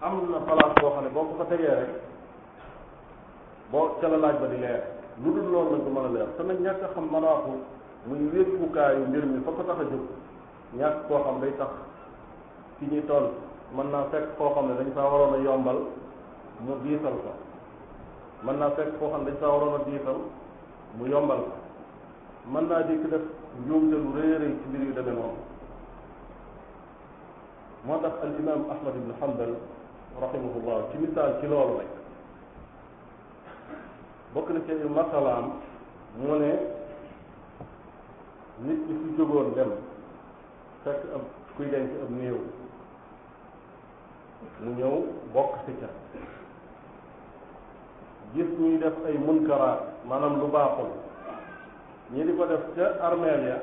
am na place boo xam ne boo ko fa tegee rek boo ca la ba di leer lu dul loolu nag du mën a leer te nag ñàkk a xam manaaku muy wékkukaayu mbir mi fa ko tax a jóg ñàkk koo xam day tax fi ñuy toll mën naa fekk koo xam ne dañ saa waroon a yombal mu diisal ko mën naa fekk koo xam dañ saa waroon a diisal mu yombal ko mën naa dikk def njuumte lu rëy rëy ci mbir yu demee noonu moo tax al imam ahmad ibn hanbal rahimahullah ci misaal ci loolu rek bokk na ci masalaam mu ne nit ki su jógoon dem fekk ab kuy denc ab néew mu ñëw bokk ci ca gis ñuy def ay munkaraat maanaam lu baaxul ñi di ko def ca armeel ya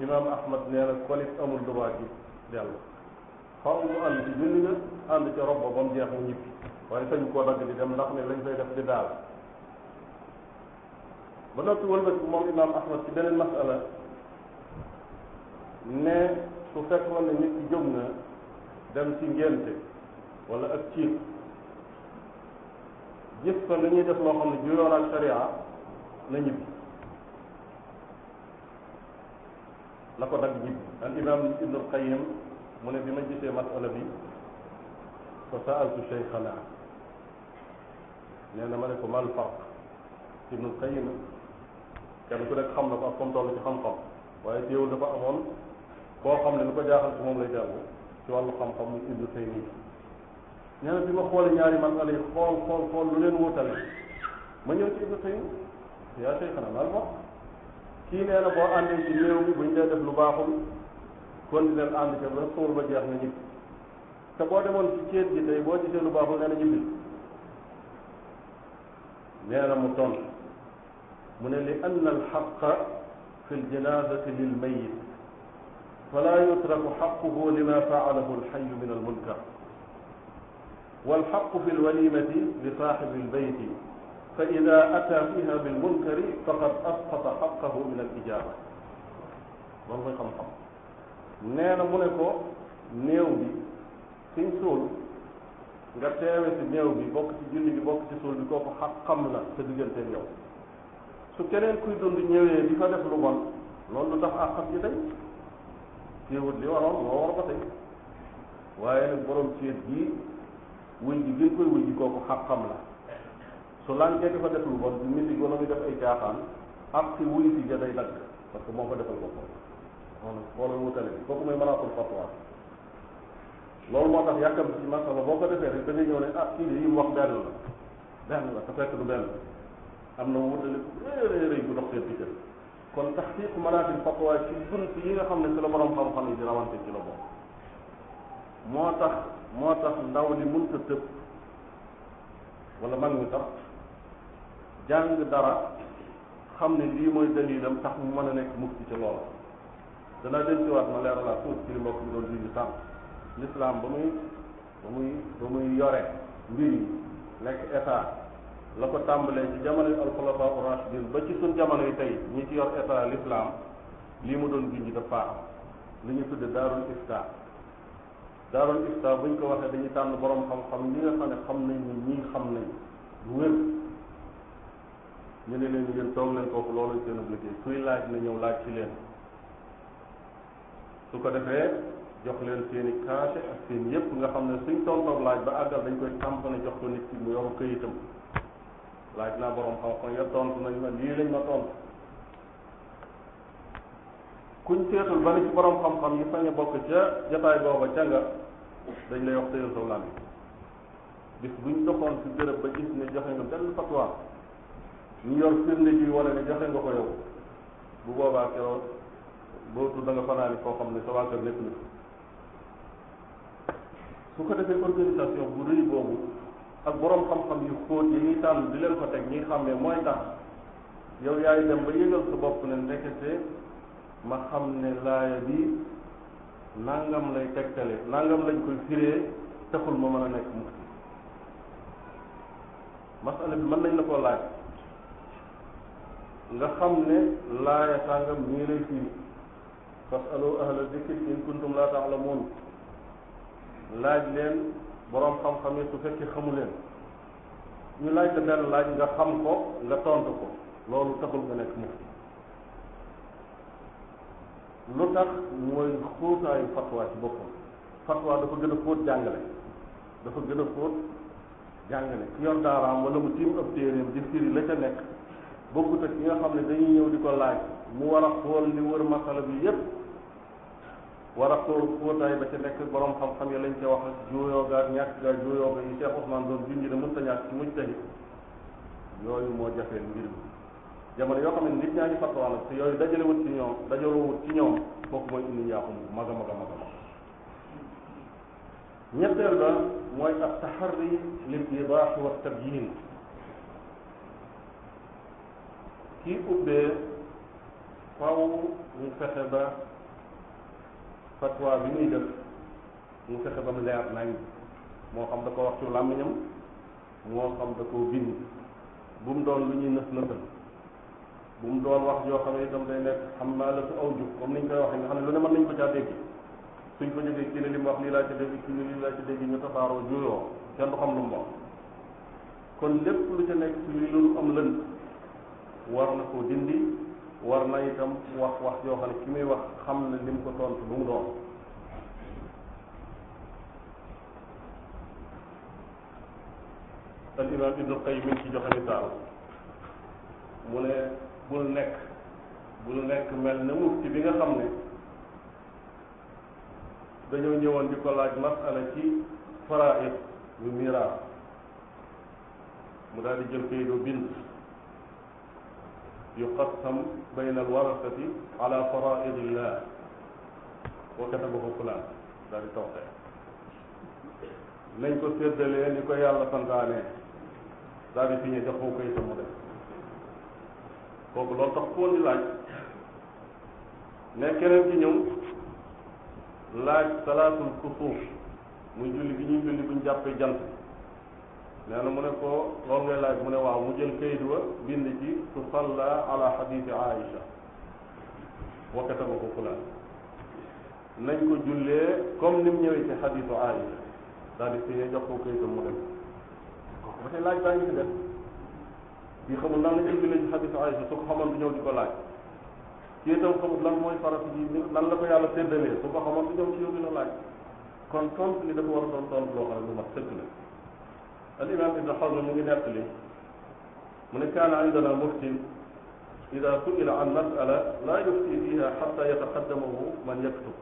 imaam ahmad nee na kolit amul droit gi dellu faaw mu ànd ci junni nga ànd ca rob ba jeex mu ñibbi waaye sañu koo dagg di dem ndax ne lañ fay def di daal ba noppi wëlbati moom imaam ahmad ci beneen masala ne su fekkoon ne nit ki jóg na dem ci ngénte wala ak ciit gis fa lu ñuy def loo xam ne juyoon ak sharia na ñibbi la ko dagg ñibbi al imaam ibnu alqayim mu ne bi ma gisee masala bi fa saaltu cheikhana nee na ma ne ko mal farq ibnul kenn ku nekk xam na ko ak comme toll ci xam-xam waaye teewul dafa amoon koo xam ne lu ko jaaxal ci moom lay jàll ci wàllu xam-xam muy ibnu taymi nee bi ma xoole ñaari masala yi xool xool xool lu leen wutale ma ñëw ci ibnu taymi yaa cheikhana mal kii nee na boo àndee ci néew bi buñ dee def lu baaxul kon di leen ànd ca ba suur ba jeex nga ñibbi te boo demoon ci céet gi tey boo gisee lu baaxul nee na ñibbi nee na mu tontu mu ne li anna alxaqa fi ljanaazati lil mayit fala yutraku xaquhu lima faalahu alxayu min almunkar والحق في الوليمة لصاحب البيت فإذا أتى فيها بالمنكر فقد أسقط حقه من الإجابة loolu mooy xam-xam nee na mu ne ko néew bi fiñ suul nga teewe si néew bi bokk ci julli bi bokk ci suul bi kooku xaq xam la sa diggante yow su keneen kuy dund ñëwee di fa def loolu lu tax ak xam ji tey téewut li waroon moo war ko tey waaye nag borom ceet bii wuñ ji gën koy wuñ ji kooku xaq xam la su lànkee di fa def lu bon di misi gona mi def ay jaaxaan ak si wuy si ja day dagg parce que moo ko defal wala wala wutale bi kooku mooy manaatul fatwa loolu moo tax yàkkam ci masala boo ko defee rek da ngay ñëw ne ah kii li benn la benn la te fekk na wutale rëy rëy bu kon taxqiq manaatil fatwa ci bunt yi nga xam ne ci la borom xam-xam yi di rawante ci la bokk moo tax moo tax ndaw li mënta tëb wala mag mi sax jàng dara xam ne lii mooy dalilam tax mu mën a nekk mufti ci loola danaa del ci waat ma leeralaat tuuti ci li mbokk bi doon jigi sànq l'islam ba muy ba muy ba muy yore mbir yi nekk état la ko tàmbalee ci jamono yi alxulafa rashidin ba ci suñ jamono yi tey ñu ci yor état l'islam lii mu doon junj dafa am li ñu tudde daarul ifta daarul ifta buñ ko waxee dañuy tànn borom xam-xam li nga xam ne xam nañ ni ñii xam nañ lu ñu ne leen ngeen toog leen kooku loolu seenu liggéey kuy laaj na ñëw laaj ci leen su ko defee jox leen seeni i cachet ak seen yëpp nga xam ne suñ tontoog laaj ba àggal dañ koy tamponné jox ko nit ki mu yor këyitam laaj naa borom xam-xam ya tontu nañ ma lii lañ ma tontu ba ni ci yi sañ a bokk ca jataay booba ca nga dañ lay wax tëyal saw lam bi bis buñ doxoon ci béréb ba gis ne joxe nga benn fatwa ñu yor firnde ji wala ne joxe nga ko yow bu boobaa keroog boobu da nga fanaani koo xam ne sa waa kër lépp su ko defee organisation bu rëy boobu ak boroom xam-xam yu xóot yi ñuy tànn di leen ko teg ñuy xam ne mooy tax yow yaay dem ba yëgal sa bopp ne ndekete ma xam ne laaya bi nangam lay tegtale nàngam lañ koy firee taxul ma mën a nekk mufti masala bi mën nañ la koo laaj nga xam ne laaya sàngam ñii lay firi fasalu ahla dikri in kuntum laa ta'lamuun laaj leen boroom xam-xam yi su fekkee xamu leen ñu laaj la benn laaj nga xam ko nga tontu ko loolu taxul nga nekk mufti lu tax mooy xóotaayu fatwa ci boppam fatwa dafa gën a xóot jàngale dafa gën a xóot jàngale ki yor daaraam wala mu tiim ab téeréem di firi la ca nekk bokkut ak yi nga xam ne dañuy ñëw di ko laaj mu war a xool li wër masala bi yépp war a xool xóotaay ba ca nekk borom xam-xam ya lañ ca wax ak juuyoo ga ak ñàkk ga juuyoo ga yi Cheikh Ousmane doon junj ne mënta ñàkk ci mujj tey yooyu moo jafeel mbir mi jamono yoo xam ne nit ñaa ngi fatwa nag te yooyu dajale wut ci ñoom dajaloo wut ci ñoom kooku mooy indi njaaxum mag a mag a mag a mag ñetteel ba mooy ab taxarri lil ibaax wa tabyin kii ubbee faw mu fexe ba fatwa bi muy def mu fexe ba mu leer nañ moo xam da ko wax ci làmmiñam moo xam da koo bind bu mu doon lu ñuy nës nësal bu mu doon wax yoo xam ne itam day xam naa la su aw jub comme niñ koy waxee nga xam ne lu ne nañ ko caa dégg suñ ko jógee kii ne li mu wax lii laa ci dégg kii ne lii laa ci dégg ñu tasaaroo juyoo kenn du xam lu mu wax kon lépp lu ca nekk ci luy loolu am lënd war na koo dindi war na itam wax wax yoo xam ne ki muy wax xam na lim ko tontu lu mu doon al imaam ibnu qayyim mi ci joxe misaal mu ne bul nekk bul nekk mel na mufti bi nga xam ne dañoo ñëwoon di ko laaj masala ci faraid yu miraas mu daal jël kayit bind yuqassam bayna alwarasati ala faraidillah wa katabahu fulaan daal di tawte nañ ko séddalee ni ko yàlla santaane daal di signé jox ko kayit mu def loolu tax foon laaj ne keneen ci ñëw laaj salaatul kusuuf muy julli bi ñuy julli buñ jàppee jant nee na mu ne ko loolu ngay laaj mu ne waaw mu jël kayit wa bind ci su salla ala xadiisi Aïcha wa kataba ko fulaan nañ ko jullee comme ni mu ñëwee ci xadiisu Aïcha daal di signé jox ko kayitam mu dem ba tey laaj baa ngi ci def di xamul lan la jullee ci xadiisu Aïcha su ko xamoon du ñëw di ko laaj kii itam xamul lan mooy farata ji lan la ko yàlla séddalee su ko xamoon du ñëw ci yow dina laaj kon tontu li dafa war doon tontu loo xam ne lu mat sëkk al imam ibn mu ngi nettali mu ne kaana indana mufti ida suila an masala laa yufti fiha xatta yataxaddamahu man yaktub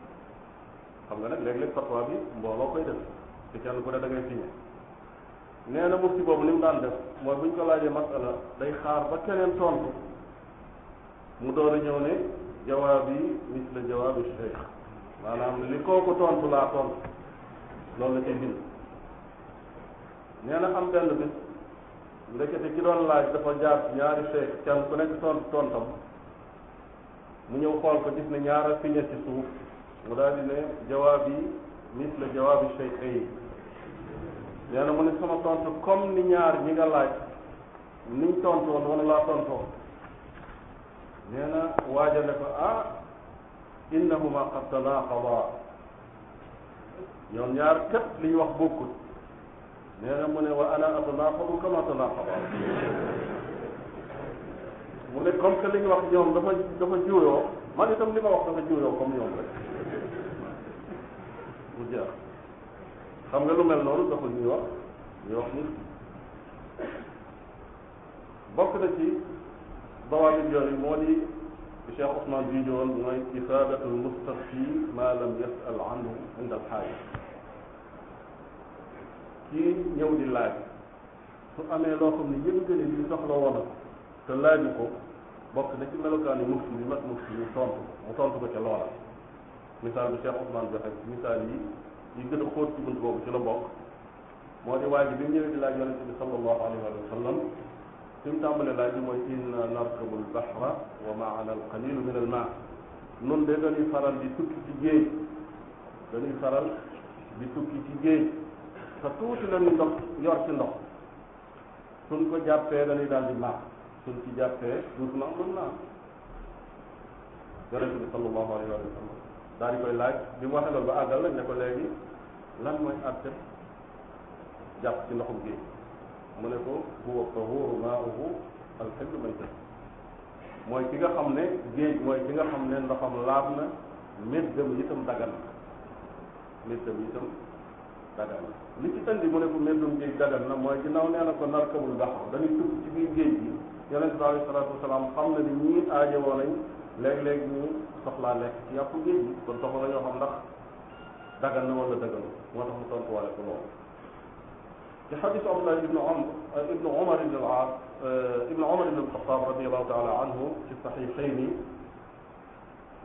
xam nga nag léeg-léeg fatwa bi mbooloo koy def te kenn ku ne da ngay signé nee na mufti boobu li mu daan def mooy buñ ko laajee masala day xaar ba keneen tontu mu door a ñëw ne jawaab misla jawaabi cheikh maanaam li kooku tontu laa tontu loolu la cay nee na am benn bis ndekete ki doon laaj dafa jaar ci ñaari cheikh kenn ku nekk tont tontam mu ñëw xool ko gis ne ñaara fiñe ci suuf mu daal jawaab yi mis la jawaabi cheikh ay nee mu ne sama tontu comme ni ñaar ñi nga laaj niñ tontoo noonu laa tontoo nee na ko ah innahuma qad tanaqada ñoom ñaar kat liñ wax bokkut nee na mu ne wa ana atanaafabu kama tanaafaba mu ne comme que li nga wax ñoom dafa dafa juuyoo man itam li ma wax dafa juuyoo comme ñoom rek mu jeex xam nga lu mel noonu doxul ñuy wax ñuy wax nit na ci bawaabit yooyu moo di Cheikh Ousmane bi ñu woon mooy isaadatul mustafi ma lam yasal anhu inda alxaaja ci ñëw di laaj su amee loo xam ne yëpp gën a ñu soxla ko bokk na ci melokaani mufti bi mat mufti tontu mu tontu ko ca loola misaal bi Cheikh Ousmane joxe misaal yi yi gën a xóot ci bunt boobu ci la bokk moo di waa ji bi mu ñëwee di laaj a bi sallallahu alayhi wa sallam fi mu tàmbalee laaj bi mooy inna narkabu lbahra wa a alqalilu min alma nun de dañuy faral di tukki ci géej dañuy faral di tukki ci géej te tuuti lañu ndox yor ci ndox suñ ko jàppee dañuy daal di naax suñ ci jàppee duut na mën naa yonent bi sallallahu alayhi wa sallam daal koy laaj bi mu waxee loolu ba àggal lañ ne ko léegi lan mooy àtte jàpp ci ndoxum géej mu ne ko huwa tahuuru maa'uhu al-hillu maytah mooy ki nga xam ne géej mooy ki nga xam ne ndoxam laab na méddam itam dagan na méddam itam dagal na li ci tënk mu ne ko mbëndum géej dagal na mooy ginnaaw nee na ko narkabul baxru dañuy tukki ci biir géej gi yonente bi alayhi salaatu wasalaam xam na ni ñii aajowoo nañ léeg-léeg ñu soxlaa lekk ci yàpp géej gi kon soxla la ñoo xam ndax dagal na wala dagalu moo tax mu tontuwaale ko loolu ci xadis Abdullah ibnu Omar ibnu Omar ibn al-Aas euh, ibnu Omar ibn al-Xattaab radiyallahu taala anhu ci saxiixayni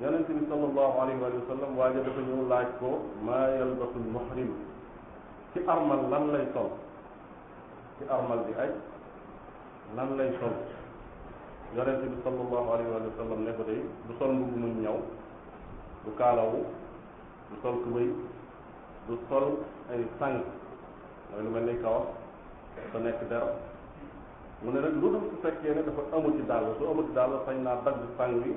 yonente bi sallallahu alayhi wa sallam waaja dafa ñëw laaj ko maa yalbasu muhrim ci armal lan lay sol ci armal bi ay lan lay sol yonente bi sallallahu alayhi wa sallam ne ko day du sol mbubu mun ñaw du kaalawu du sol kubéy du sol ay sàng mooy lu mel ni kawas te nekk der mu ne nag lu dul su fekkee ne dafa amu ci dàll su amu ci dàll sañ naa dagg sàng bi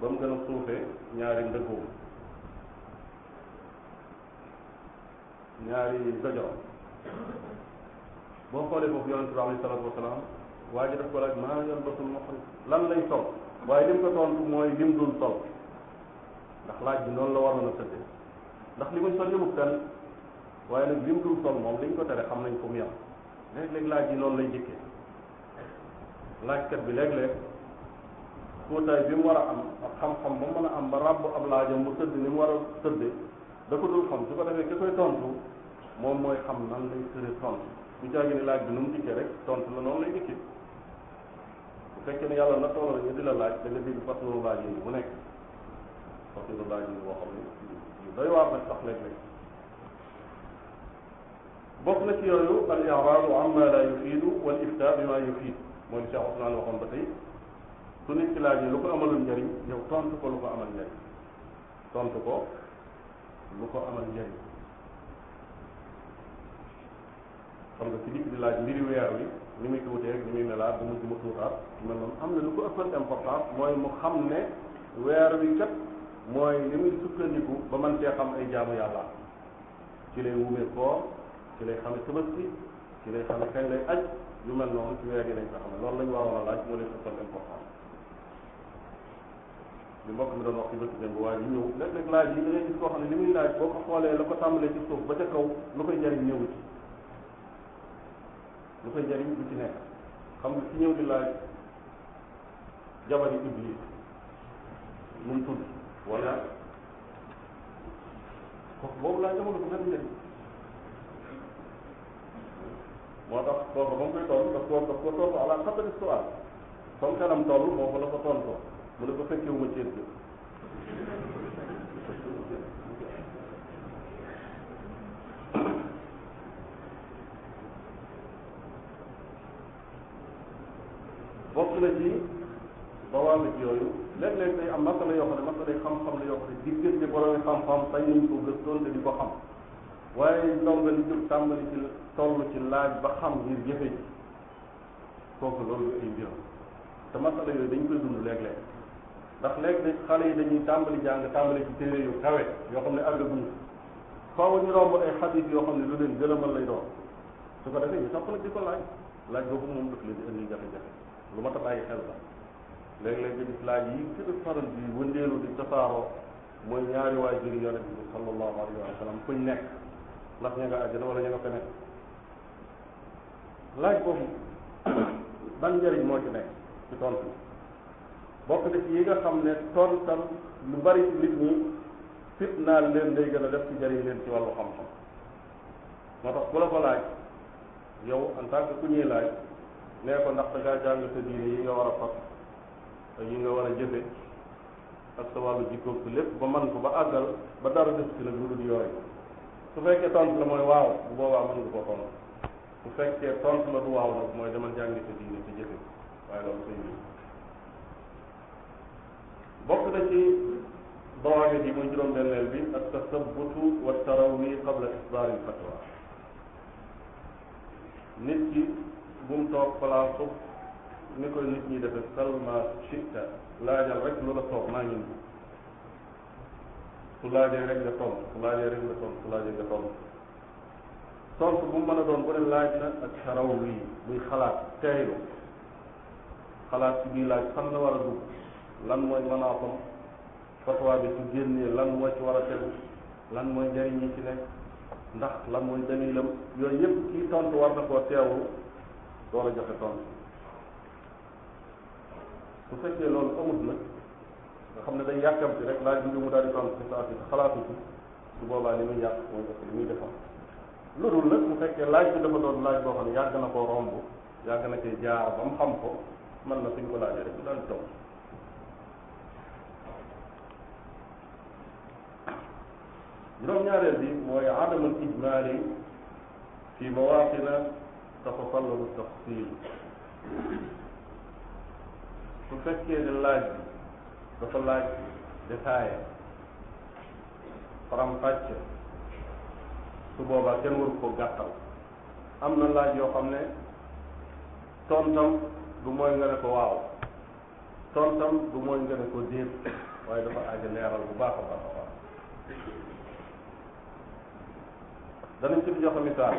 ba mu gën a suufee ñaari ndëggoom ñaari dojoor boo xoolee foofu yonente bi alayhi salaatu wasalaam waa ji daf ko laaj maa yalbasul muhrim lan lay sol waaye li mu ko tontu mooy lim dul sol ndax laaj bi noonu la waroon a tëddee ndax li muy sol yëbub kan waaye nag lim dul sol moom liñ ko tere xam nañ ko mu yem léeg-léeg laaj yi noonu lay jëkkee laajkat bi léeg-léeg kóotaay bi mu war a am ak xam-xam ba mu mën a am ba ràbb ab laajam mu tëdd ni mu war a tëddee da ko dul xam su ko defee ki koy tontu moom mooy xam nan lay tëre tontu su jaagi ni laaj bi nu mu dikkee rek tontu la noonu lay dikkee bu fekkee ne yàlla na tolloo la ñu di la laaj da nga dégg façon laaj yi bu nekk façon laaj yi boo xam ne yu doy waar nag sax léeg-léeg bokk na ci yooyu al i'raadu amma la yufiidu wal iftaa bima yufiid mooy li Cheikh Ousmane waxoon ba tey su nit ci laaj yi lu ko amalul njariñ yow tontu ko lu ko amal njariñ tontu ko lu ko amal njëriñ xam nga ci nit di laaj mbiri weer wi ni muy tuutee rek ni muy melaat bu mujj mu tuutaat mel noonu am na lu ko ëppal important mooy mu xam ne weer wi kat mooy li muy sukkandiku ba man cee xam ay jaamu yàlla ci lay wumee koor ci lay xame tabaski ci lay xame kañ lay aj yu mel noonu ci weer yi lañ ko xam ne loolu lañ waroon a laaj moo leen ëppal importance li mbokk mi doon wax ci bëkk démb waa ji ñëw léeg-léeg laaj yi da ngay gis koo xam ne li muy laaj boo ko xoolee la ko tàmbalee ci suuf ba ca kaw lu koy jariñ ñëwu ci lu koy jariñ du ci nekk xam nga ci ñëw di laaj jabari iblis mu tudd wala kooku boobu laaj amul ko benn njëriñ moo tax kooku ba mu koy toll daf ko daf ko tontu ala xabar histoire comme kanam toll foofu mu ne ko fekkee wu ma ceeb bi bokk na ci bawaami ji yooyu léeg-léeg day am masala yoo xam ne masala yi xam-xam la yoo xam ne diggante borom xam-xam sañ nañ ko gëstoon te di ko xam waaye ndonga li jóg tàmbali ci toll ci laaj ba xam ngir jëfe ji kooku loolu ay mbiram te masala yooyu dañ koy dund léeg-léeg ndax léegi da xale yi dañuy tàmbali jàng tàmbali ci téere yu kawe yoo xam ne àggaguñu faaw ñu romb ay xadis yoo xam ne lu leen gëlëmal lay doon su ko defee ñu topp nag di ko laaj laaj boobu moom daf leen di indi jafe-jafe lu ma ta bàyyi xel la léeg-léeg nga gis laaj yi ci faral di wëndeelu di tasaaroo mooy ñaari waay juri yonent bi sallallahu alayhi wa fu ñu nekk ndax ña nga àjjana wala ña nga feneen laaj boobu ban njëriñ moo bokk na ci yi nga xam ne tontal lu bari ci nit fitnaal leen day gën a def ci jëriñ leen ci wàllu xam-xam moo tax ku la ko laaj yow en tant que ku ñuy laaj nee ko ndax da ngaa jàng sa diine yi nga war a fas ak yi nga war a jëfe ak sa wàllu jikkoog lépp ba man ko ba àggal ba dara def ci nag lu dul yooyu su fekkee tontu la mooy waaw bu boobaa mën nga ko tontu bu fekkee tontu la du waaw mooy demal jàng sa diine sa jëfe waaye loolu sa bokk na ci dawaamit yi muy juróom-benneel bi ak tasabbutu mu toog palaasu ni ko nit ñi defe salma shitta laajal rek lu la toog maa ngi nii su bu mën a doon bu ne laaj na ak taraw wi muy xalaat teeylu xalaat ci bii laaj fan war a dugg lan mooy manaasam fatwa bi su génnee lan moo ci war a tegu lan mooy njëriñ yi ci nekk ndax lan mooy dalilam yooyu yëpp kii tontu war na koo teewlu door a joxe tontu su fekkee loolu amut nag xam ne day yàkkamti rek laaj mu daal di xalaatu ci boobaa li muy yàq mooy def li muy lu dul nag mu fekkee laaj bi dafa doon laaj boo xam yàgg na koo romb yàgg na koy jaar ba mu xam ko mën na suñ ko laajee rek mu daal di tontu juróom-ñaareel bi mooy adamul ijmaali fi mawaqina tatatallabu tafsil su fekkee ne laaj bi dafa laaj détaillé faram-fàcce su boobaa kenn waru ko gàttal am na laaj yoo xam ne tontam du mooy nga ko waaw ton du mooy nga ko déet waaye dafa aaja leeral bu baax a baax danañ ci joxe misaal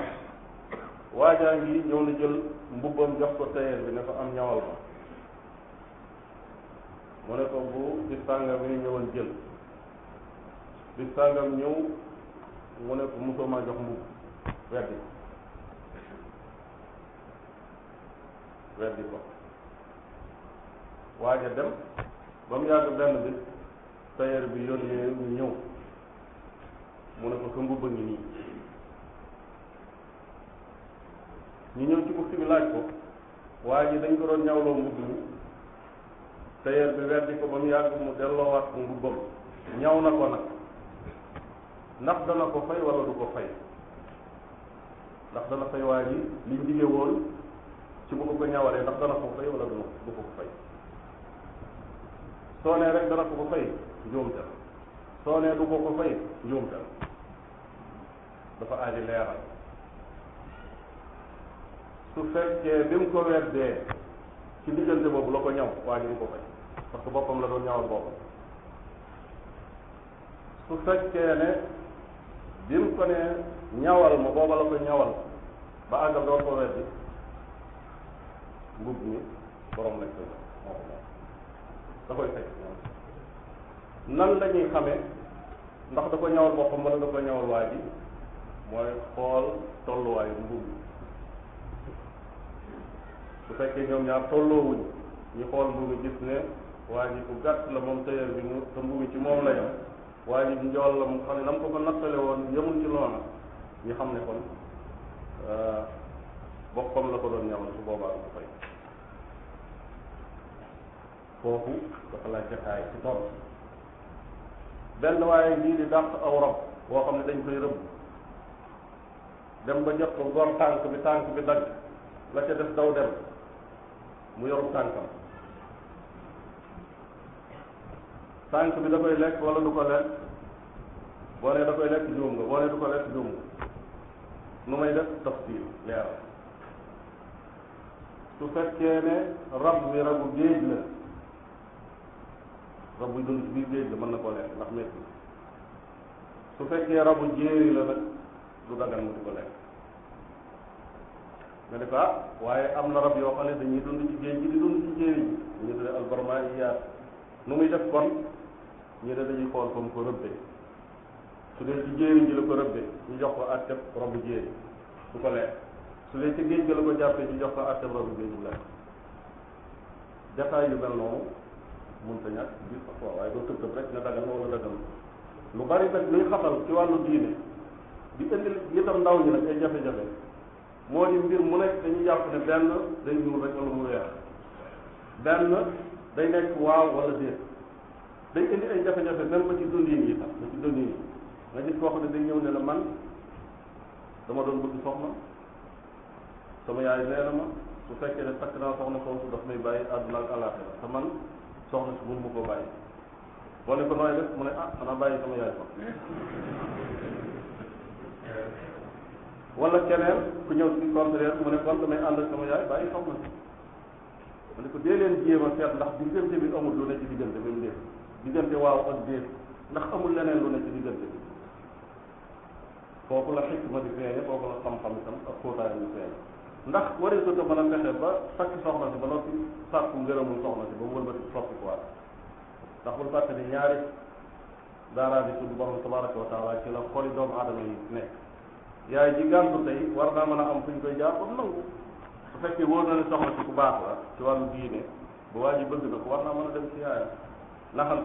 waajaa ngi ñëw na jël mbubbam jox ko tailleur bi ne ko am ñawal ko mu ne ko bu bis sàngam ñëwal jël bis ñëw mu ne ko mosoo maa jox mbubb weddi ko weddi ko waaja dem ba mu yàgg benn bis tailleur bi yónnee ñu ñëw mu ne ko sa mbubba ngi nii ñu ñëw ci bukki bi laaj ko waa ji dañ ko doon ñawloo mbubb mi tailleur bi weddi ko ba mu yàgg mu delloowaat ko mbubbam ñaw na ko nag ndax dana ko fay wala du ko fay ndax dana fay waa ji liñ dige woon ci bu a ko ñawalee ndax dana ko fay wala du du ko fay soo nee rek dana ko ko fay njuumte soo du ko ko fay njuumte dafa aaji su fekkee bi mu ko weddee ci diggante boobu la ko ñaw waa ji ko fay parce que boppam la doon ñawal boppam su fekkee ne bi mu ko ne ñawal ma booba la ko ñawal ba àggal doon ko weddi mbub mi borom lañ koy moo moom da koy fay nan la xamee ndax da ko ñawal boppam wala da ko ñawal waa ji mooy xool tolluwaayu mbub mi bu fekkee ñoom ñaar tolloowuñ ñu xool mbubi gis ne waa ji bu gàtt la moom tëyër bi mu te mbubi ci moom la yem waa ji njool la mu xam ne na mu ko ko nattale woon yemul ci ñu xam ne kon euh, boppam la ko doon ñamal su boobaa du fay foofu dafa laaj jataay ci tool benn waaye lii di dàq aw rab boo xam ne dañ koy rëbb dem ba jot ko gor tànk bi tànk bi dagg la ca def daw dem mu yoru tànkam tànk bi da koy lekk wala du ko lekk boo nee da koy lekk du ko lekk juum nga nu may def tafsil leeral su ne rab bi rabu géej la rab buy dund ci mën na ko lekk ndax métti su rabu jéeri la nag du ko lekk nga def ah waaye am na rab yoo xam ne dañuy dund ci géej gi di dund ci jéeri yi ñu tuddee albarmaiyaat nu muy def kon ñu ne dañuy xool fa mu ko rëbbee su dee ci jéeri ji la ko rëbbee ñu jox ko àtteb rabu jéeri su ko lekk su dee ci géej gi la ko jàppee ñu jox ko àtteb rabu géej bu lekk jataay yu mel noonu mënta ñàkk biir fatwa waaye doo tëb tëb rek nga dagal wala dagal lu bari nag luy xatal ci wàllu diine di indi li am ndaw ñi nag ay jafe-jafe moo di mbir mu nekk dañuy jàpp ne benn day ñuul rek wala mu weex benn day nekk waaw wala déet day indi ay jafe-jafe même ba ci dundin yi sax nga gis koo xam ne day ñëw ne la man dama doon bëgg soxna sama yaay nee ma su fekkee ne takk naa soxna soosu daf may bàyyi àdduna ak àllaaxira te man soxna si mun mu ko bàyyi boo ne ko nooy mu ne ah xanaa bàyyi sama yaay sax wala keneen ku ñëw ci conseiller mu ne kon damay ànd ak sama yaay bàyyi soxna si mu ne ko dee leen jéem a seet ndax bi amul lu ne ci diggante bi mu dee diggante waaw ak déet ndax amul leneen lu ne ci diggante bi foofu la xikma di feeñe foofu la xam-xam itam ak xóotaayam di feeñe ndax wari su ko mën a fexe ba sakk soxna si ba noppi sàkku ngërëmul soxna si ba mu wëlbati soppi ko waat ndax bul fàtte ni ñaari daara bi suñu borom tabaraka wa taala ci la doomu aadama yi yaay ji gàntu tey war naa mën a am fu ñu koy jaar ba nangu su fekkee wóor na ne soxna si ku baax la ci wàllu diine bu waa ji bëgg na ko war naa mën a dem ci yaayam a xam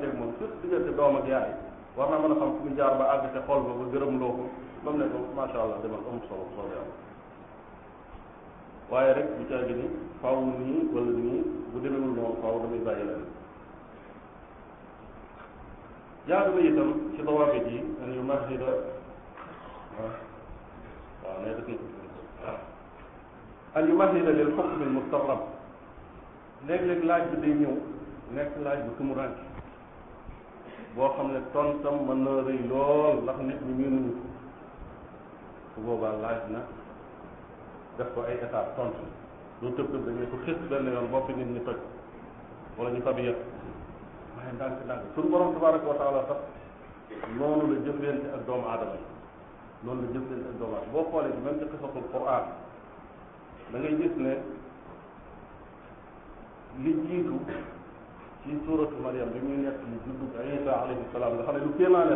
fu ñu jaar ba àgg te xool ba ba gërëm loo mu ne ko macha allah demal amul solo soo yàlla waaye rek ni faw nii wala nii bu demewul noonu faw damay bàyyi leen jaadu na itam ci dawaabit yi an yu waaw nee def na ko al yumahida lil xukm al mustagrab léeg-léeg laaj bi day ñëw nekk laaj bu tumuranke boo xam ne tontam mën na rëy lool ndax nit ñi mënuñu ko su boobaa laaj na def ko ay étape tontu lu tëb tëb dañu ko xis benn yoon boppi nit ñi toj wala ñu fabi yëpp waaye ndànk ndànk suñu borom tabaraka wa taala sax noonu la jëflante ak doomu aadama yi noonu la jëf leen ak boo xoolee man ci xisatul Qur'an da ngay gis ne li jiitu ci suuratu Mariam bi muy nekk lu juddu Isa alayhi salaam la xam ne lu kéemaane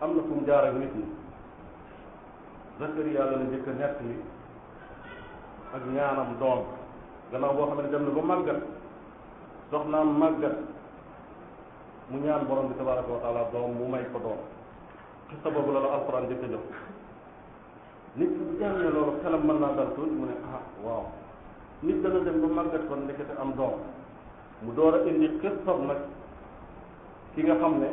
am na fu jaar ak nit ñi Zakariya la la njëkk a nekk li ak ñaanam doom gannaaw boo xam ne dem na ba màggat soxnaam màggat mu ñaan borom bi tabaraka wa doom mu may ko doom xisa boobu la la alxuraan jëkk jox nit bu jàngee loolu xelam mën naa dal tuuti mu ne ah waaw nit dana dem ba màggat kon ndekete am doom mu door a indi xisab nag ki nga xam ne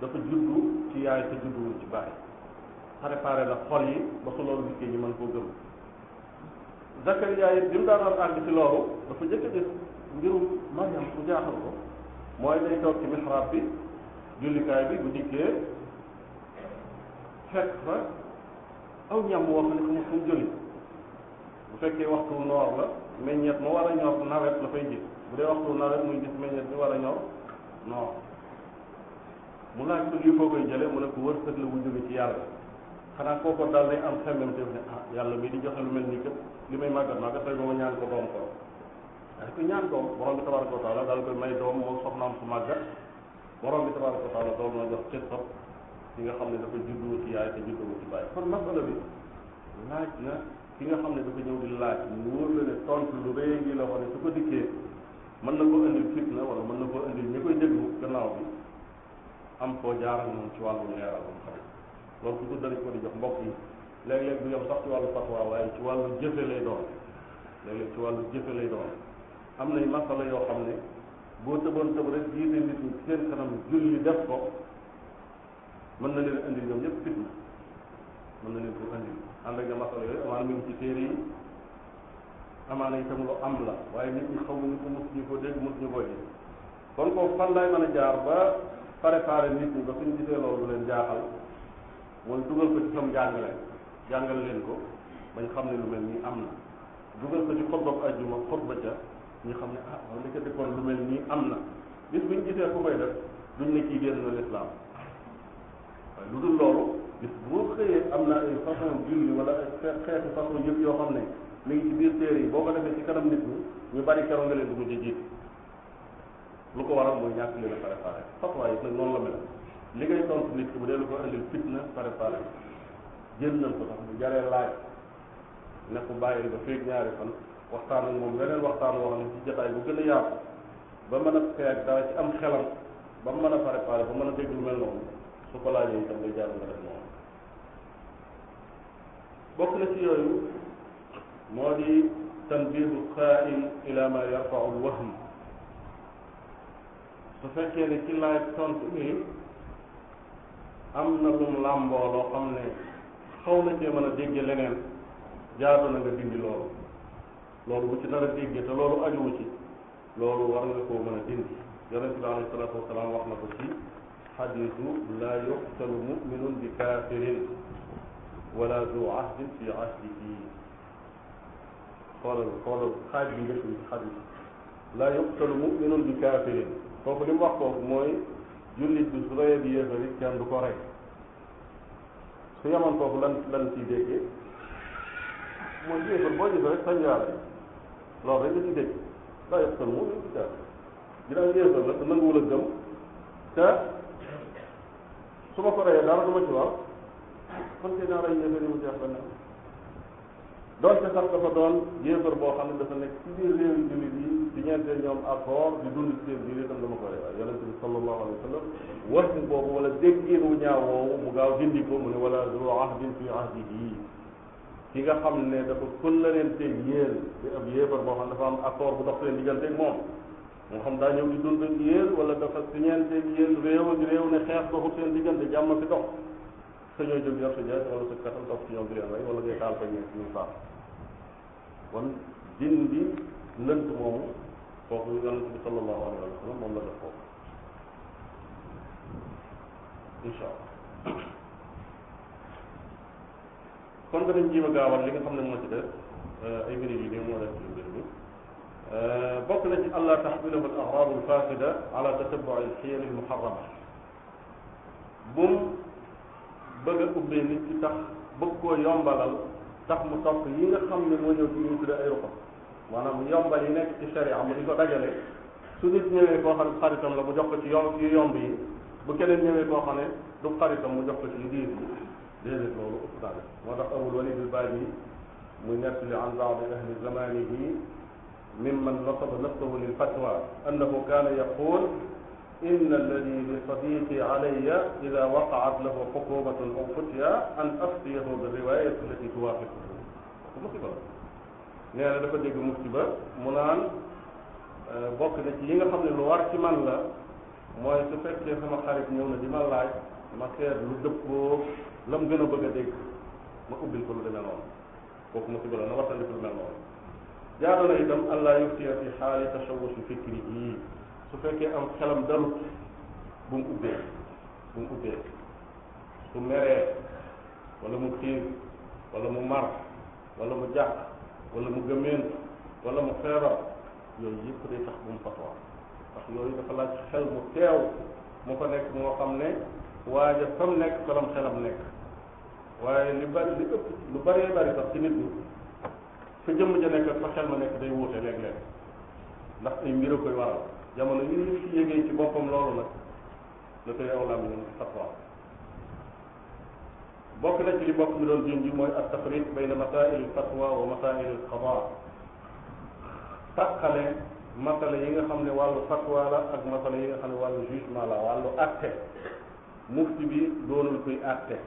dafa juddu ci yaay te judduwul ci bàyyi préparé na xol yi ba su loolu dikkee ñu mën koo gëm Zakariya it bi mu daan àgg ci loolu dafa jëkk a gis mbirum Mariam su jaaxal ko mooy day toog ci mihrab bi jullikaay bi bu dikkee fekk fa aw ñam woo xam ne xamul fu mu ma war a ñor nawet la fay bu dee waxtu nawet muy gis bi war a ñor noor mu laaj mu ne ko wërsëg la bu jóge ci yàlla xanaa kooko dal day ah, yàlla mii di joxe lu li may màggat màggat tey mooma ñaan ko doom ko waaye ku ñaan doom su màggat borom bi tabaraka wa doom na jox cër ki nga xam ne dafa juddoo ci yaay te juddoo ci bàyyi kon masala bi laaj na ki nga xam ne dafa ñëw di laaj mu wóor la ne tontu lu rëy ngi la wane su ko dikkee mën na koo indil fitna wala mën na koo indil ñi koy déglu gannaaw bi am koo jaaral moom ci wàllu leeral ba mu xam loolu toujours danañ ko di jox mbokk yi léeg-léeg du yem sax ci wàllu fatwa waaye ci wàllu jëfe lay doon léeg-léeg ci wàllu jëfe lay doon am nay masala yoo xam ne boo tëboon tëb rek jiite nit ñi seen kanam julli def ko mën na leen indi ñoom ñëpp fitna mën na leen ko indi ànd ak masala yooyu amaana mi ngi ci téere yi amaana itam lu am la waaye nit ñi xamuñu ko mosuñu ko dégg mosuñu ko gis kon kooku fan laay mën a jaar ba préparer nit ñi ba suñu gisee loolu du leen jaaxal mooy dugal ko ci sam jàngale jàngal leen ko bañ xam ne lu mel nii am na dugal ko ci xutba ajjuma xutba ca ñu xam ne ah wala li ko kon lu mel nii am na bis buñ gisee ku koy def duñ ne kii génn na waaye lu dul loolu bis boo xëyee am na ay façon julli wala xeetu façon yëpp yoo xam ne mi ngi ci biir téere yi boo ko defee ci kanam nit ñi ñu bari keroog nga leen di mujj jiit lu ko waral mooy ñàkk leen a préparé fatwa yi noonu la mel li ngay tontu nit ki bu dee lu ko indil fitna préparé jël nañ ko sax bu jaree laaj ne ko bàyyi ba feeg ñaari fan waxtaan moom beneen waxtaan woo xam ne ci jotaay bu gën a yaatu ba mën a feeg dara ci am xelam ba a préparé mën a dégg lu su ko laajee itam ngay jàll nga def moom bokk na ci yooyu moo di tanbihu xaain ila ma yarfau lwahm su fekkee ne ci laaj tontu bi am na lum làmboo loo xam ne xaw na cee mën a dégge leneen jaadu na nga dindi loolu loolu bu ci dara dégge te loolu ajuwu ci loolu war nga koo mën a dindi yonent bi wax na ko ci xadiisu laa yuqtalu muminun bi kaafirin wala du ahdin fi ahdihi xoolal xoolal xaaj bi njëkk bi ci xadiis laa yuqtalu muminun bi kaafirin foofu li mu wax foofu mooy jullit bi su reyee bi yéefar it kenn du ko rey su yemoon foofu lan lan ciy déggee mooy yéefar boo gisee rek sañ ngaa rey loolu rek la ciy dégg laa yuqtalu muminun bi kaafirin ginnaaw yéefar la te nanguwul a gëm te su ma ko reyee dara du ma ci war kon tey naa rey yéefar yi mu jeex benn doonte sax dafa doon yéefar boo xam ne dafa nekk ci biir réew yi jullit yi di ñeente ñoom accord di dund ci seen biir itam dama ko rey waaye yonente bi sallallahu alayhi wa sallam wax boobu wala déggiin wu ñaaw woowu mu gaaw dindi ko mu ne wala du ahdin fi ahdihi ki nga xam ne dafa kóllëreente yéen di ab yéefar boo xam ne dafa am accord bu dox seen digganteeg moom moo xam daa ñëw di dund ak yéen wala dafa siñeenteeg yéen réew ak réew ne xeex doxul seen diggante jàmm fi dox sañoo jóg yor sa jaay wala sa katal dox ci ñoom di leen rey wala ngay taal fañ nekk ñuy faat kon din bi lënt moomu kooku yonent bi sallallahu alayhi wa sallam moom la def foofu incha kon danañ jéem a gaawal li nga xam ne moo ci des euh, ay mbir yu nii moo def ci mbir mi Euh, bokk na ci allah taxmilahu al axraad al fasida ala tatabbu al xiyal al muharrama bum bëgg a ubbee nit ci tax bëgg koo yombalal tax mu topp yi nga xam ne moo ñëw ci ñu tudde ay ruqam maanaam yombal yi nekk ci sharia mu di ko dajale su nit ñëwee koo xam ne xaritam la mu jox ko ci yomb yu yomb yi bu keneen ñëwee koo xam ne du xaritam mu jox ko ci yu diis yi déedéet loolu ëpp naa def moo tax abul walid al baani muy nettali an baadi ahli zamanihi ممن نصب نفسه للفتوى أنه كان يقول إن الذي لصديقي علي إذا وقعت له حكومة أو فتيا أن أفتيه بالرواية التي توافقه musiba nee na dafa dégg musiba mu naan bokk na ci yi nga xam ne lu war ci man la mooy su fekkee sama xarit ñëw na di ma laaj ma seet lu dëppoo la mu gën a bëgg a dégg ma ubbil ko lu demee noonu kooku musiba la na wartandiku lu mel noonu jaadu na itam allah yuftiya fi xaali tashawusu fikri su fekkee am xelam darut bu mu ubbee bu mu ubbee su meree wala mu xiir wala mu mar wala mu jàq wala mu gëmeen wala mu feebar yooyu yëpp day tax bu mu fatoo ndax yooyu dafa laaj xel mu teew mu fa nekk moo xam ne waaja fam nekk faram xelam nekk waaye li bari li ëpp lu baree bari sax ci nit ñi fa jëmm ja nekk fa xel ma nekk day wuute léeg-léeg ndax ay mbir a koy waral jamono yu ñu yëgee ci boppam loolu nag da koy aw lam ñun taqwa bokk na ci li bokk mi doon jun ji mooy ak tafrit bayna masail fatwa wa yi nga xam ne wàllu fatwa la ak masala yi nga xam ne wàllu jugement la wàllu atte mufti bi doonul kuy atte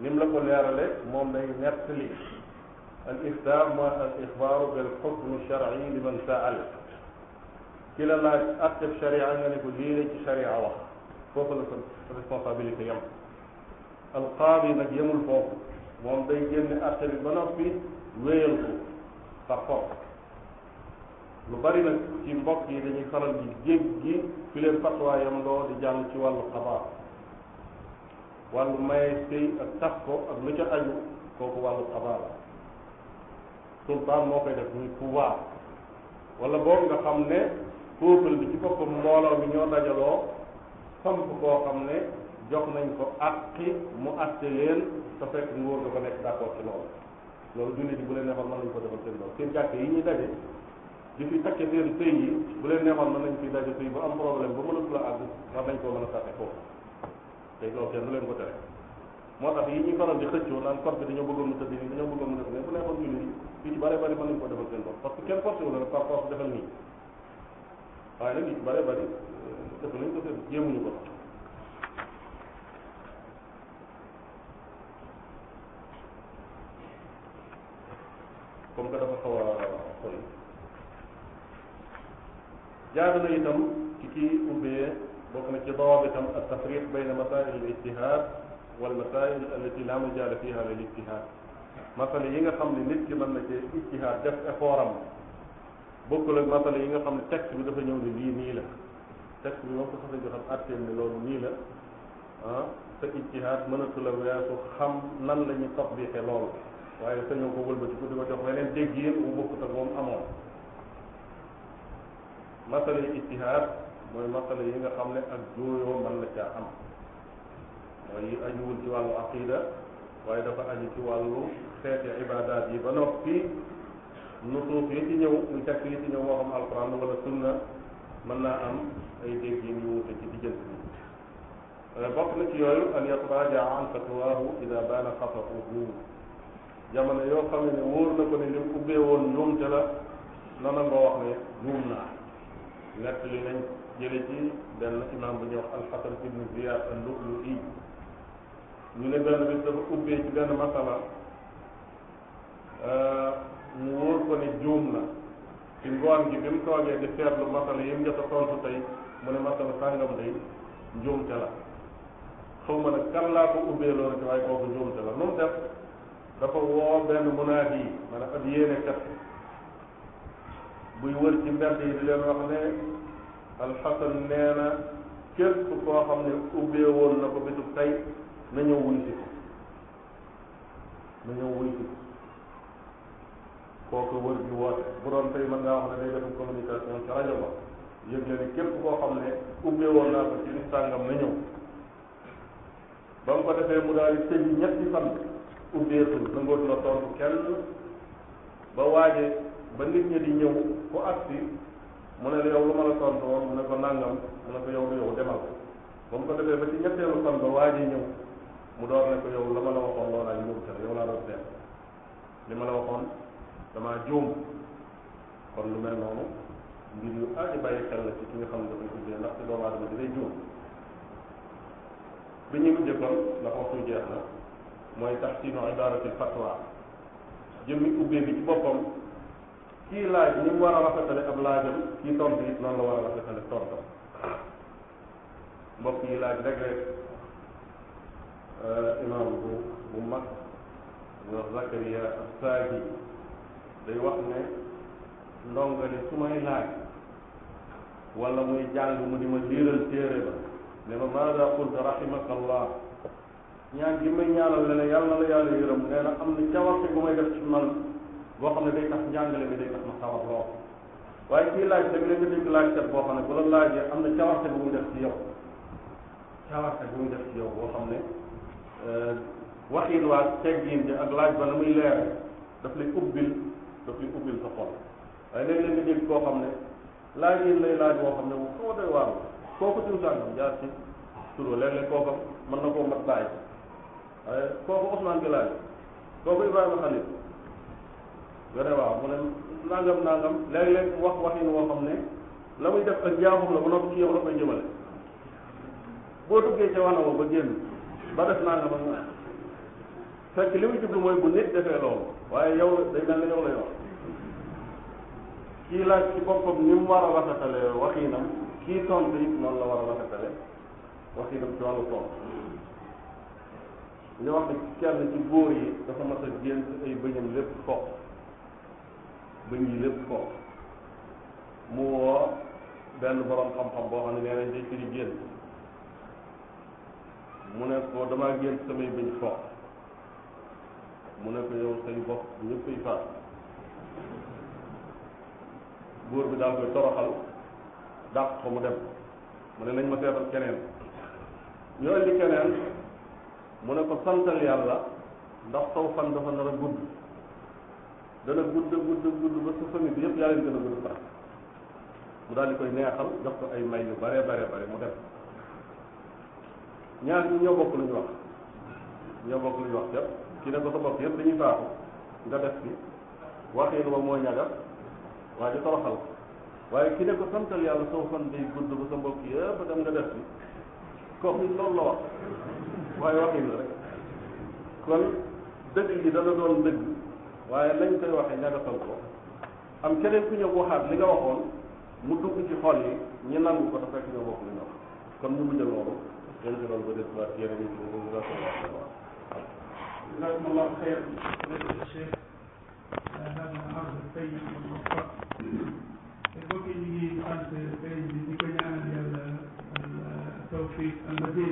nim la ko leerale moom day nettali al islam mooy al ixbaaru bil xukmi sharci liman saal ki la laaj atteb sharia nga ne ko lii la ci sharia wax foofu la sa responsabilité yam alqaadi nag yemul foofu moom day génne atte bi ba noppi wéyal ko par force lu bari nag ci mbokk yi dañuy faral di jéggi fi leen fatwaayam loo di jàll ci wàllu xabaar wàllu maye sëy ak tas ko ak lu ca aju kooku wàllu xabaar sultaan moo koy def muy pouvoir wala boobu nga xam ne peuple bi ci boppam mbooloo bi ñoo dajaloo samp koo xam ne jox nañ ko àqi mu àtte leen te fekk nguur ga ko nekk d'accord ci loolu loolu jullit yi bu leen neexoon mën nañ ko defal seen bopp seen jàkk yi ñuy daje di fi takke seen sëy yi bu leen neexoon mën nañ fi daje sëy bu am problème ba mën a tula àgg war nañ koo mën a saxe foofu tey loolu kenn du leen ko tere moo tax yi ñuy faral di xëccoo yu ci bare bari mën nañu ko defal seen bopp parce que kenn forcé wu la par force defal nii waaye nag yu ci bare bari euh, def nañ ko def jéemuñu ko comme que dafa xaw a sori jaadu na itam ci kii ubbee bokk na ci dawaabitam at tafriq masail al ijtihad wal masail allati la mujaala fiha lil ijtihad masala yi nga xam ne nit ki mën na cee ijtihaad def effort am bokkul ak masala yi nga xam ne texte bi dafa ñëw ne lii nii la texte bi moom ko sax a joxam atteel ni loolu nii la ah, sa ijtihaad mënatu la weesu xam nan la ñuy tatbiqe loolu waaye sañoo ko wëlbati ko di ko jox leneen dégg yéen bu bokkut ak moom amoon masala yi ijtihaad mooy masala yi nga xam ne ak jooyoo mën na caa am mooy ajuwul ci wàllu aqida waaye dafa aju ci wàllu seeti ibaadaat yi ba noppi nusuuf yi ci ñëw muy tekk yi ci ñëw moo xam alquran wala sunna mën naa am ay dégg yi ñu wute ci diggante bi eh, bokk na ci yooyu an yatraja an fatwaahu ida baana xata'uhu jamono yoo xam ne wóor na ko ne li mu ubbee woon njuumte la na nangoo wax ne juum naa nett li nañ jële ci benn imam bu ñuy wax alxasan ibnu ziyaad al lu'lu'i ñu ne benn bis dafa ubbee ci benn masala mu wóor ko ne juum na ci ngoon gi bi mu toogee di seetlu masala yi mu jot a tontu tey mu ne masala sàngam day njuumte la xaw ma nag laa ko ubbee loolu ci waaye kooku njuumte la nu mu dafa woo benn munaadi yi ab yéene kat buy wër ci mbedd yi di leen wax ne alxasan nee na képp koo xam ne ubbee woon na ko bisub tey na ñëw wuy si na ñëw wuy si kooku wër di woote bu doon tey mën ngaa wax ne day def communication ci rajo ba yëg képp koo xam ne ubbee woon naa ko ci li sàngam na ñëw ba mu ko defee mu daal di ñetti fan ubbeetul nangoo dina tontu kenn ba waaje ba nit ñi ñëw ku agsi mu ne la yow lu ma la tontu woon mu ne ko nangam mu ne ko yow lu yow demal ba mu ko defee ba ci ñetteelu fan ba waaje ñëw mu door ne ko yow la ma la waxoon loolaa ñu wut yow laa doon seet li ma la waxoon. damaa juum kon lu mel noonu mbir yu aaj bàyyi xel la ci ki xam ne dafay tuddee ndax ci doomu aadama dinay juum bi ñuy mujjee kon ndax waxtu jeex na mooy taxsinu ibaaratil fatwa jëmmi kii laaj ni a rafetale ab laajam kii tontu it noonu la war a rafetale tontam mbokk yi laaj rek rek euh, bu bu mag ñu wax Zakaria Saaji day wax ne ndonga de su may laaj wala muy jàng mu di ma liiral téere ba ne ma maada qulta rahimakallah ñaan gi may ñaanal le ne yàlla na la yërëm nee na am na cawarte bu may def man boo xam ne day tax njàngale bi day tax ma sawar loo waaye kii laaj da nga dégg laajkat boo xam ne bu la laajee am na cawarte bu mu def ci yow cawarte bu mu def ci yow boo xam ne euh, waxin waa teggiin bi ak laaj ba na muy leere daf lay ubbil daf li ubbil sa xol waaye léeg-léeg nga koo xam ne laaj yi lay laaj boo xam ne bu xaw a doy waar kooku jaar ci turu léeg-léeg kooka na koo mat bàyyi waaye kooku Ousmane bi laaj kooku Ibrahima Khalil nga ne waaw mu ne nangam nangam léeg wax waxin woo xam ne la muy def ak jaaxum la ba noppi ci yow la koy jëmale boo duggee ca wana ba génn ba def nangam ak fekk li muy jublu mooy bu nit defee loolu waaye yow day mel ne la yoon kii laaj ci boppam ni mu war a rafetale waxiinam kii tontu it noonu la war a rafetale waxiinam ci wàllu tontu ñu wax ne kenn ci góor yi dafa mas a gént ay bëñam lépp foofu bëñ yi lépp foofu mu woo benn borom xam-xam boo xam ne nee nañ day firi gént mu ne ko damaa gént samay bëñ foofu mu ne ko yow say bopp ñëppay faat buur bi daal koy toroxal dàq ko mu dem mu ne lañ ma seetal keneen ñu indi keneen mu ne ko santal yàlla ndax saw fan dafa nar a gudd dana gudd gudd gudd ba sa famille yëpp yaa leen gën gudd fan mu daal di koy neexal jox ko ay may yu bare bare bare mu dem ñaar ñi ñoo bokk lu ñu wax ñoo bokk lu wax yëpp kii ne ko sa bopp yëpp dañuy baaxu nga def bi waxin wa moo ñaga waa ji toroxal ko waaye kii ne ko santal yàlla soo fan day gudd ba sa mbokk yëpp dem nga def ko kooku loolu la wax waaye waxin la rek kon dëgg gi dana doon dëgg waaye lañ koy waxee ñagasal ko am keneen ku ñëw waxaat li nga waxoon mu dugg ci xol yi ñu nangu ko te fekk nga wax li nga wax kon mu mujj loolu yéen si loolu ba des waat yeneen yi ci nga ko wax. daal ma am tey mbokk yi ñu ngi sant sëriñ bi di ko ñaanal yàlla tawfiq ak